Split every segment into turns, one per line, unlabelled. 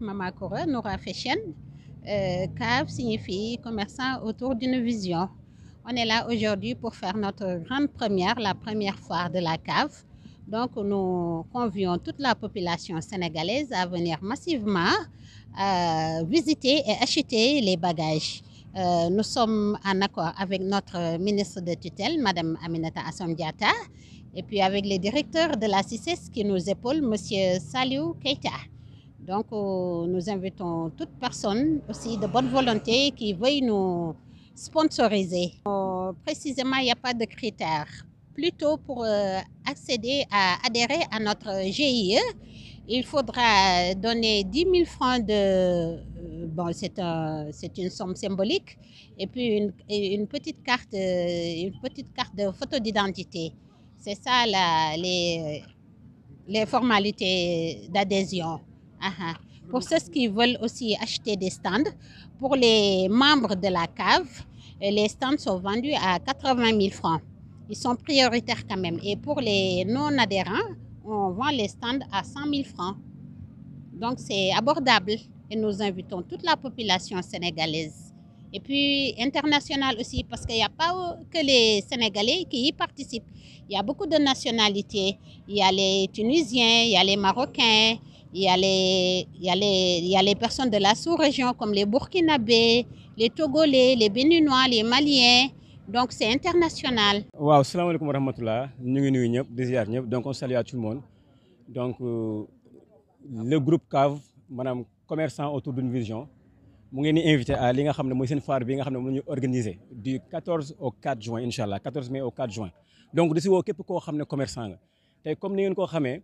Mama Cora, Nora Féchen. Euh, signifie commerçant autour d'une vision. On est là aujourd'hui pour faire notre grande première, la première foire de la cave. Donc, nous convions toute la population sénégalaise à venir massivement euh, visiter et acheter les bagages. Euh, nous sommes en accord avec notre ministre de tutelle, Madame Aminata Assomdiata, et puis avec le directeur de la CISES e qui nous épaulent, Monsieur Saliou Keita. Donc, euh, nous invitons toute personne aussi de bonne volonté qui veuille nous sponsoriser. Euh, précisément, il n'y a pas de critères. Plutôt pour euh, accéder à adhérer à notre GIE, il faudra donner 10 000 francs de... Bon, c'est une somme symbolique et puis une, une, petite, carte, une petite carte de photo d'identité. C'est ça la, les, les formalités d'adhésion. Pour ceux qui veulent aussi acheter des stands, pour les membres de la cave, les stands sont vendus à 80 000 francs. Ils sont prioritaires quand même. Et pour les non-adhérents, on vend les stands à 100 000 francs. Donc c'est abordable et nous invitons toute la population sénégalaise et puis internationale aussi parce qu'il n'y a pas que les Sénégalais qui y participent. Il y a beaucoup de nationalités. Il y a les Tunisiens, il y a les Marocains, il y, a les, personnes de la sous-région comme les Burkinabés, les Togolais, les Béninois, les Maliens. Donc c'est international.
Wow, salam alaikum wa rahmatullah. Nous sommes donc on salue à tout le monde. Donc euh, le groupe CAV, Madame Commerçant autour d'une vision, nous sommes invité à ce moy sen du 14 au 4 juin inch'allah 14 mai au 4 juin donc nous ce képp ko nous commerçant les tay comme nous avons ko xamé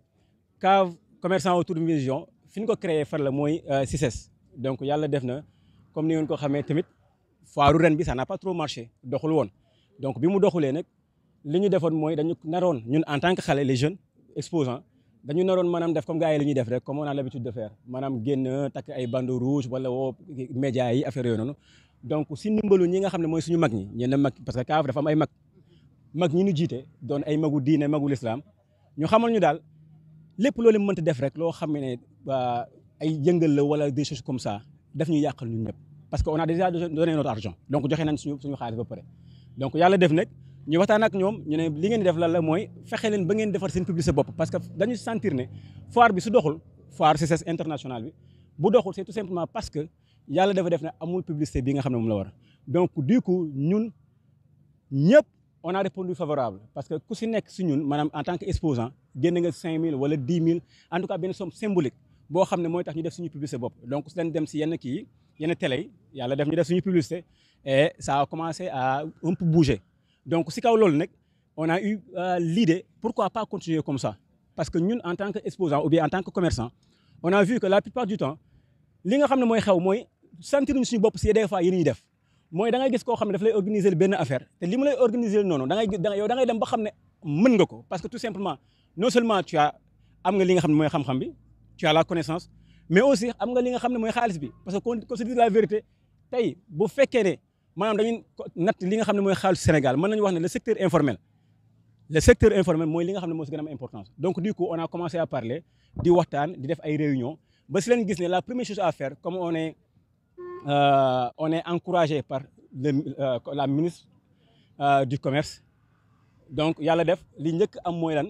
cave commerçant autour d'une vision fi ñu ko créé faire le mooy euh, CICES donc yàlla def na comme ni ngeen ko xamee tamit foiru ren bi ça n'a pas trop marché doxul woon donc bi mu doxulee nag li ñu defoon mooy dañu naroon ñun en tant que xale les jeunes exposants dañu naron madame def comme gars yi la ñuy def rek comme on a l'habitude de faire madame génn takk ay bandeau rouge wala woo média yi affaire yooyu donc si nous ñi nga xam ne mooy suñu mag mag parce que CAF dafa am ay mag mag ñi ñu jiite doon ay magu diine magu l'islam ñu xamal ñu lepp loolu mënta def rek loo xam ne ah, ay yëngal la wala des choses comme ça daf ñu yàqal ñun ñëpp parce que on a déjà donné notre argent donc joxe nañ suñu suñu xaalis ba pare donc yàlla def nag ñu waxtaan ak ñoom ñu ne li ngeen def lan la mooy fexe leen ba ngeen defar seen publicité bopp parce que dañu sentir ne foire bi su doxul foire CCS international bi bu doxul c'est tout simplement parce que yàlla dafa def ne amul publicité bi nga xam ne moom la war donc du coup ñun ñëpp on a répondu favorable parce que ku si nekk si ñun maanaam en tant que exposant génn nga cinq mille wala dix en tout cas ben somme symbolique bo xamné moy tax ñu def suñu publicité bop donc su leen dem ci yenn ki yenn télé yalla def ñu def suñu publicité et ça a commencé à un peu bouger donc si kaw lool nak on a eu euh, l'idée pourquoi pas continuer comme ça parce que nous, en tant que exposant ou bien en tant que commerçant on a vu que la plupart du temps li nga xam ne mooy xew mooy sentir ñu suñu bopp c'est des fois yéen ñuy def mooy da ngay gis koo xam ne daf organiser benn affaire te li mu lay organiser noonu da ngay yow da ngay dem ba xam nga parce que tout simplement non seulement tu as am nga li nga xam xam-xam bi tu as la connaissance mais aussi am nga li nga xam moy xaliss bi parce que qu'on se dit la vérité tay bu fekkee ne maanaam dañuy natt li nga xam moy xaliss Sénégal mën nañu wax ne le secteur informel le secteur informel moy li nga xam mo moo gën am importance donc du coup on a commencé à parler di waxtaan di def ay réunion ba si leen gis ne la première chose à faire comme on est euh, on est encouragé par le euh, la ministre euh, du commerce donc yalla def li ñëk am moy lan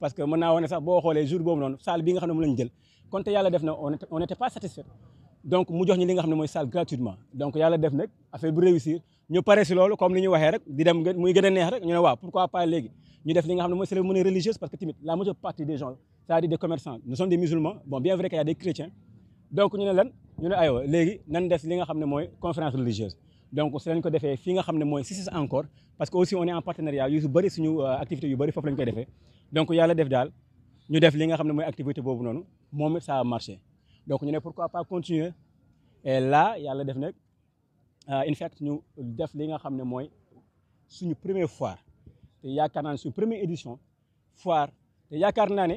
parce que mën on est sax boo les jours bon non salle bi nga xam ne moom la quand jël kon def na on on était pas satisfait donc mu jox ñi li nga xam ne salle gratuitement donc yàlla def nag affaire bu réussir ñu pare si loolu comme ni ñu waxee rek di dem muy gën a neex rek ñu ne waaw pourquoi pas léegi ñu def li nga xam ne mooy cérémonie religieuse parce que la majeure partie des gens c'est-à-dire des commerçants nous sommes des musulmans bon bien vrai qu'il y a des chrétiens donc ñu ne lan ñu ne aywa léegi nan def li nga conférence religieuse donc c'est lañ ko defee fii nga xam ne c'est encore parce que aussi on est en partenariat yu bëri suñu euh, activité yu bëri foofu lañ koy defee donc yàlla def daal ñu def li nga xam ne mooy activité boobu noonu moom ça a marché donc ñu ne pourquoi pas continuer et là yàlla def nag euh, in fact ñu def li nga des ne suñu première foire te yaakaar naa ne première édition foire te y a ne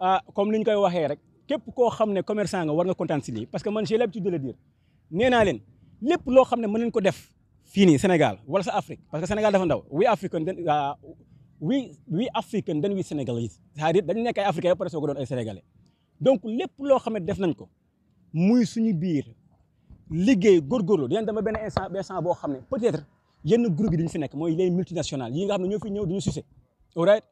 ah comme ni ñu koy que rek képp koo commerçants ne commerçant nga war nga parce que man j'ai l'habitude de le dire nee naa leen les loo xam ne mën nañ ko def fini, Sénégal wala sa Afrique parce que Sénégal dafa ndaw we African uh, we we African then we Senegalese c'est-à-dire dañ nekk ay africains ba pare soo ko doon ay sénégalais donc lepp lo xam def nañ ko muy suñu biir liggéey gorlo dinañ dama ben instant ba instant boo xam peut-être yenn groupe yi duñu fi nek moy les multinationales yi nga xamné ñoo fi ñew duñu sucé all right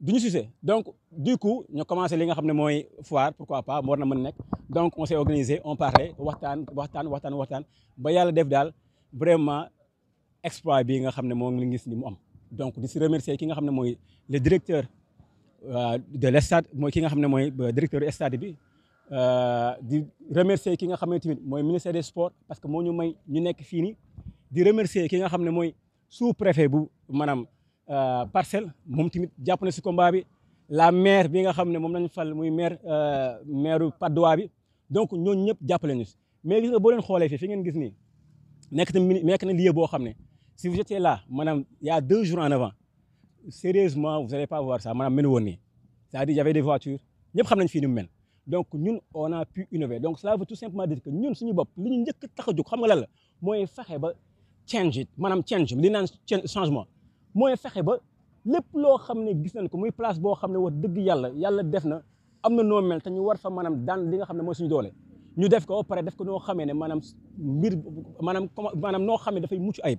duñu sucé donc du coup ñu commencé li nga xamné moy foire pourquoi pas moorna na nek donc on s'est organisé on parlait waxtaan waxtaan waxtaan waxtaan ba yalla def dal vraiment exploit bi nga xamné mo ngi la gis ni mu am donc di remercier ki nga xamné moy le directeur de l'estade moy mooy ki nga xamné moy directeur du stade bi di remercier ki nga xamné ne tamit mooy ministère des sports parce que mo ñu may ñu nekk fii nii di remercier ki nga xamné moy sous préfet bu maanaam euh, parcel mom tamit japp na ci combat bi la maire bi nga xamné mom moom lañ fal moy maire euh, maire Patte d'Oie bi donc ñoo ñep jàppale ñu mais gis nga bo len xolé fi fi ngeen gis ni nek na nekk na lieu bo xamné si vous étiez là, madame, il y a deux jours en avant, sérieusement, vous n'allez pas voir ça. Madame Menouoni, c'est-à-dire j'avais des voitures. Nous savons ce nous Donc, nous, on a pu innover. Donc, cela veut tout simplement dire que nous, nous avons nous avons moyen faire change it, madame change, li nan changement. Moyen faire ba lepp lo xamné gis nañ ko muy place bo xamné wa deug yalla yalla def na amna no mel té ñu war fa manam daan li nga xamné moy suñu doole Ñu def ko paré def ko no xamé né manam mbir manam manam no xamé da fay muccu ayib.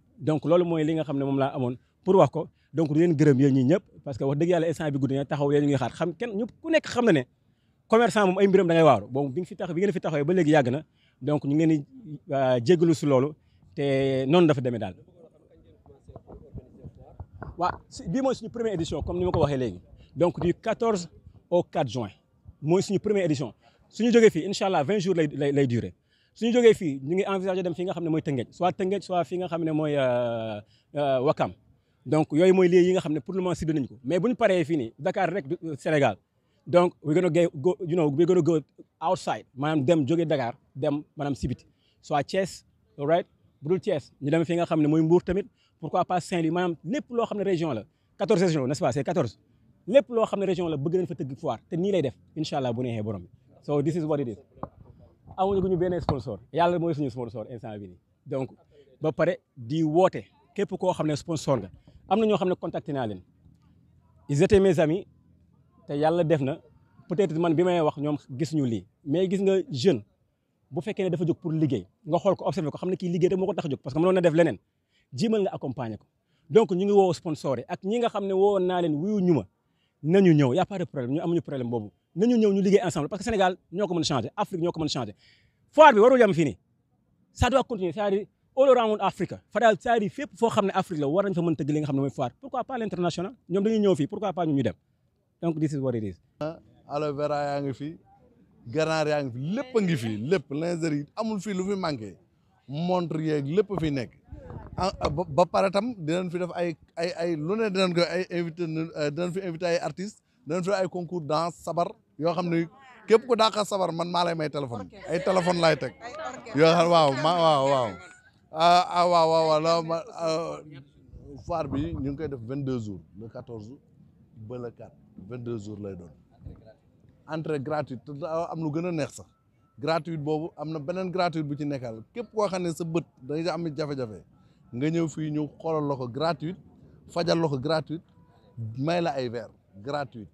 donc loolu moy li nga xam mom la amone pour wax ko donc di leen gërëm yéen ñii ñëpp parce que wax dëgg yalla instant bi gudd na taxaw yéen ñu ngi xaar xam kenn ñëpp ku nekk xam na ne commerçant mom ay mbirëm da ngay waaru bon bi nga fi tax bi ngeen fi taxawee ba légui yag na donc ñu ngi leen di euh, jégalu si loolu te noonu dafa démé dal wa bi mooy suñu première édition comme ni ma ko waxé légui donc du 14 au 4 juin moy suñu première édition suñu joggé fi inshallah 20 jours lay lay lay durer suñu jógee fi ñu ngi envisager dem fi nga xamné moy soit soit fi nga euh, euh, Wakam donc yi nga pour le moment mais buñu paré fini Dakar rek euh, Sénégal donc we're gonna go you know gonna go outside manam dem jógee Dakar dem soit Thiès all right Thiès ñu fi nga pourquoi pas Saint-Louis région 14 régions n'est-ce pas c'est 14 lépp lo xamné région la bëgg nañ fa teug lay def bu so this is what it is amuñu ñu benn sponsor yàlla mooy suñu sponsor instant bi nii donc ba pare di woote képp koo xam ne sponsor nga am na ñoo xam ne contacté naa leen ils étaient mes amis te yàlla def na peut-être man bi may wax ñoom gis ñu lii mais gis nga jeune bu fekkee ne dafa jóg pour liggéey nga xool ko observé ko xam ne kii liggéey rek moo ko tax a parce que mënoon na def leneen jiimal nga accompagner ko donc ñu ngi woo sponsor yi ak ñi nga xam ne woo naa leen wuyu ñu ma nañu ñëw y a pas ñu amuñu problème boobu nañu ñëw ñu liggéey ensemble parce que Sénégal ñoo ko mën changer Afrique ñoo ko mën changer foire bi warul yem fii nii ça doit continuer cest à Africa fépp foo xam ne Afrique war nañ fa mën tëgg li nga ne mooy foire pourquoi pas l'international ñoom dañuy ñëw fii pourquoi pas ñu ñu dem
ngi fi ganaar yaa ngi lépp ngi fi lépp lingerie amul fii lu fi manqué montre yeeg lépp fi nekk ah, ah, ba pare tam dinañ fi def ay ay ay lu ne dinañ ko ay invité dinañ fi invité ay artistes dinañ fi ay concours danse sabar yoo xam ne képp ku daaqa sabar man maa lay may téléphone ay téléphone laay teg yoo xam waaw ma waaw waaw ah, ah, ah bi ñu ngi koy def vingt deux jours le quatorze ba le quatre vingt deux jours lay doon entrée gratuite am lu gën a neex sax gratuite boobu am na beneen gratuite bu ci nekkal képp koo xam ne sa bët dañu nga am jafe-jafe nga ñëw fii ñu xoolal la ko gratuite fajal la ko gratuite may la ay verre gratuite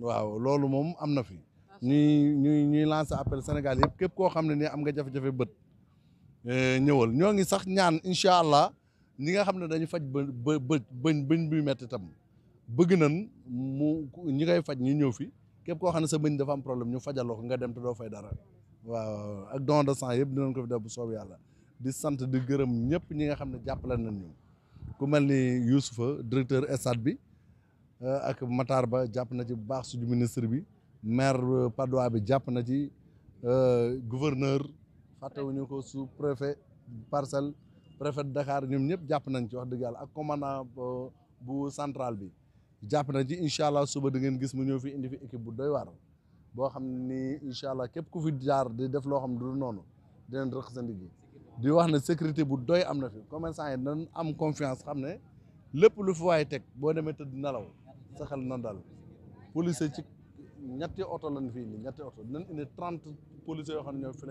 waaw loolu moom am na fi ñuy ñuy ñuy lancer appel Sénégal yëpp képp koo xam ne nii am nga jafe-jafe bët eh, ñëwal ñoo ngi sax ñaan incha allah ñi nga xam ne dañu faj ba ba bëñ bëñ buy metti bëgg nañ mu ñi koy faj ñu ñëw fi képp koo xam ne sa dafa am problème ñu fajaloo ko nga dem te doo fay dara waaw ak don de sang yëpp dinañ ko fi bu soob yàlla di sant di gërëm ñëpp ñi nga xam ne jàppale nañ ñu ku mel ni Youssoufa directeur stade bi Euh, ak Matar Ba jàpp na ci bu baax suñu ministre bi maire euh, Padois bi jàpp na ci euh, gouverneur fàttewuñu ko su préfet parcelle préfet Dakar ñoom ñëpp jàpp nañ ci wax dëgg yàlla ak commandant bu central bi jàpp nañ ci incha allah suba da gis mu ñëw fi indi fi équipe bu doy waar boo xam ni incha allah képp ku fi jaar di def loo xam ne du noonu dinañ rëq sa ndigg di wax ne sécurité bu doy am na fi commerçant yi dañ am confiance xam ne lépp lu fi waaye teg boo demee tëdd nelaw sa xel na daal police ci ñetti oto lañ fi indi oto nañ indi trente police yoo xam ne ñoo fi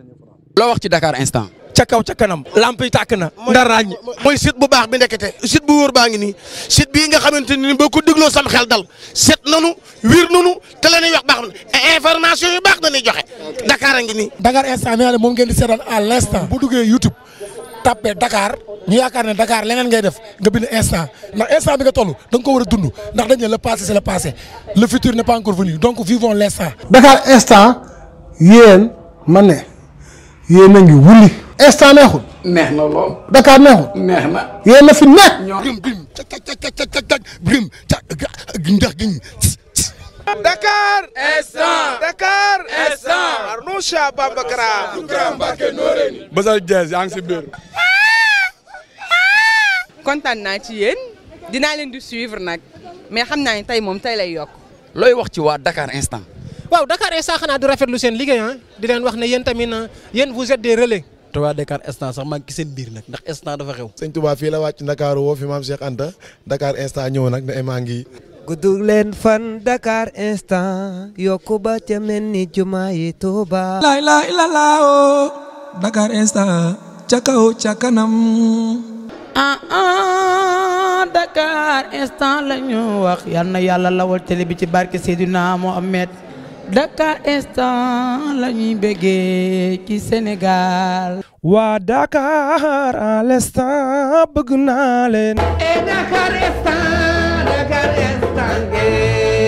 loo wax ci dakaar instant. ca kaw ca kanam. lamp yi na. ndar ràññ mooy site bu baax bi ndekete site bu wóor baa ngi nii site bii nga xamante ni boo ko dégloo sam xel dal set nanu wir nanu te la ñuy wax baax na information yu baax na dañuy joxe. Dakar a ngi nii. Dakar instant nee na moom ngeen di seetaan à l' bu duggee YouTube. tàppee Dakar ñu yaakaar ne Dakar leneen ngay def
nga bind instant ndax instant bi nga toll da nga ko war a dund ndax dañ ne le passé c'est le passé le futur n'est pas encore venu donc vivons l'instant. Dakar instant yéen ma ne yéen a ngi wuli. instant neexul.
neex na lool. Dakar neexul. neex
na a fi nekk.
ñoom bim bim cak cak cak cak bim Dakar instant Dakar instant Arnoucha Bambakara Bougara
Mbacké Noreyni Basal Diaz yaa ngi si biir
kontaan naa ci yéen dinaa leen di suivre nag mais xam naa ne tey moom tey lay yokk looy wax ci waa Dakar instant waaw Dakar instant xanaa du rafetlu seen liggéey ah. di leen wax ne yéen tamit ah, yéen vous êtes des relais te waa Dakar instant sax maa ngi seen biir nag ndax instant dafa xew sëñ Touba fii la wàcc Dakar woo fi maam Cheikh Anta Dakar ñëw nag maa ngi guddug leen fan Dakar
instant yokku ba ca mel ni yi Tuuba. la ilaha
illallah oh, oo Dakar instant ca kaw ca kanam. ah, ah Dakar instant la wax yal na yàlla lawal télé bi ci barke Seydina Mohamed. Dakar instant lañuy ñuy bëggee ci Sénégal. waa Dakar à l'instant bëgg naa leen.
et eh, Dakar instant Dakar instant.